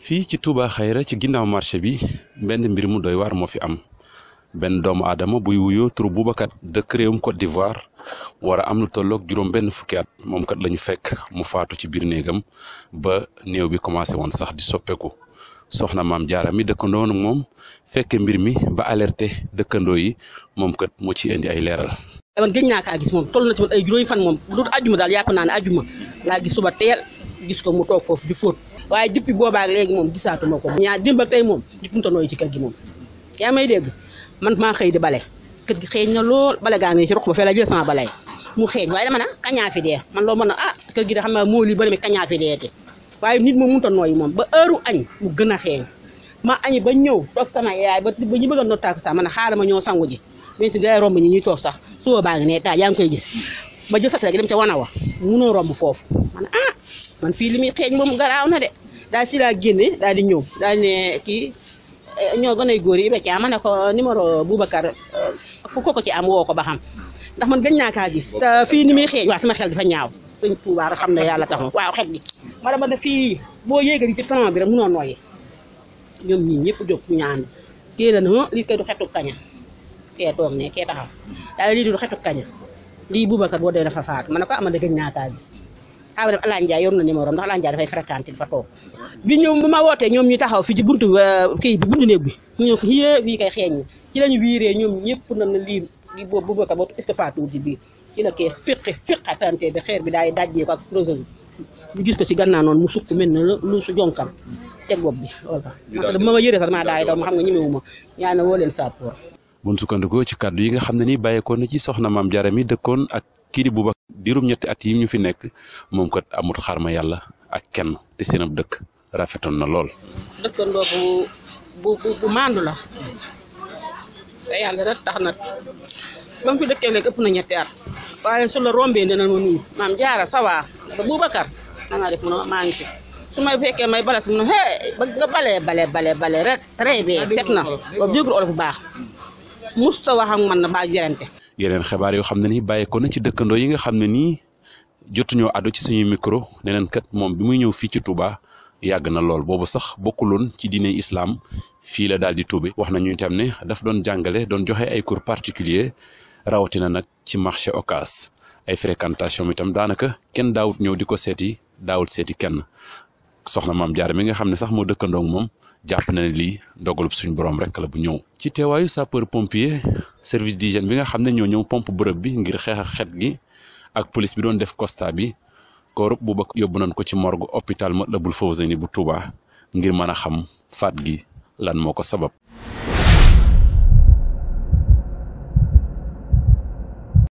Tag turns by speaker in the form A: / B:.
A: fii ci Touba Xayra ci ginnaaw marché bi benn mbir mu doy waar moo fi am benn doomu aadama buy wuyoo turu Boubacar dëkk réewum Côte d'Ivoire war am lu tolloog juróom benn fukki at moom kat lañu fekk mu faatu ci biir néegam ba néew bi commencé woon sax di soppeeku soxna maam jaara mi dëkkandoo nag moom fekke mbir mi ba alerte dëkkandoo yi moom kat moo ci indi ay leeral.
B: man gëj naa kaa gis moom toll na ci ay juróomi fan moom lu ajuma daal gis ko mu toog foofu di fóot waaye depuis boobaak léegi moom gisaatuma ko ñaa dimb ak tey moom dipunta nooyu ci kër gi moom yaa may dégg man maa xëy di bale kër gi xeeñ na lool bale gaa ngi ci roq ba fee la jël sama balay mu xeeñ waaye dama na kañaa man loolu mën na ah kër gi ba demee kañaa fi dee te waaye nit ba heure añ a ma ba ñëw toog sama yaay ba ba ñu bëgg a nottaaku sax man ma ñëw sangu ji mais si gars yi romb ñi ñuy toog sax suba ne taa yaa ngi koy gis ba jël satala gi dem ca wana wa munoo romb foofu man ah man fii li muy xeeñ moom garaaw na de daal si laa génne daal di ñëw daal ne kii eh, ñoo gën a góor yi ba ci ma ne ko numéro Boubacar eh, ku ko ko ci am woo ko ba xam ndax man gëj naa kaa gis. fii ni muy xeeñ waaw sama xel dafa ñaaw sëñ Touba xam na yàlla taxaw waaw xet gi. ma dama ne fii boo yéegali ci plan bi rek munoo nooyee ñoom ñii ñëpp jóg ñu ànd na la ne lii kay du xetu kaña kee toog ne kee taxaw daal lii du xetu kaña lii Boubacar boo dee na faatu ma ne ko am ah, na gëj naa kaa xaaral ma Alane Ndiaye yor na numéro ndax Alane Ndiaye dafay fréquenté toog bi ñoom bi ma wootee ñoom ñu taxaw fi ci buntu euh, kii bi buntu néeg bi mu ñëw fii fii kay xeeñ na ci lañu wiiree ñoom ñëpp na lii lii boobu bu boobu la kee fiqi fiqatante bi xeer bi daay dajjee ko ak projet bi ñu gis ko ci gannaaw noonu mu sukk mel lu su jonkam teg bopp bi ma yëree sax maa daay daw ma xam nga ñemewu ma woo leen saapoor
A: buñ sukkandikoo ci kàddu yi nga xam ne ni bàyyeekoon na ci soxna maam Jaara dëkkoon ak kii di Boubacar diirum ñetti at yi ñu fi nekk moom kat amut ma yàlla ak kenn te seen ab dëkk rafetoon na lool.
B: dëkkandoo bu bu bu maandu la te yàlla rek tax na ba mu fi dëkkee léegi ëpp na ñetti waaye su la rombee dina nga Boubacar da ngaa def ma maa ngi fi su may fekkee may bala si mu ne ba nga balee balee balee balee set na loolu déglu olof bu baax musta wax man na baa jorante
A: yeneen xibaar yoo xam ne nii ko na ci dëkkandoo yi nga xam ne nii jotuñoo àddu ci suñuy micro ne kat moom bi muy ñëw fii ci Touba yàgg na lool boobu sax bokkuloon ci diine islaam fii la daal di tuube wax nañu itam ne daf doon jàngale doon joxe ay cours particulier rawatina nag ci marché Ocass ay fréquentation itam daanaka kenn daawut ñëw di ko seeti daawul seeti kenn soxna maam Jaara mi nga xam ne sax moo dëkkandook moom jàpp na ne lii ndogalub suñu borom rek la bu ñëw. service d'hygiène bi nga xam ne ñoo ñëw pompe bërëb bi ngir xeex ak xet gi ak police bi doon def constat bi koorub bu ba yóbbu nañ ko ci morgue hôpital Matlaboul Fawzayni bu Touba ngir mën a xam faat gi lan moo ko sabab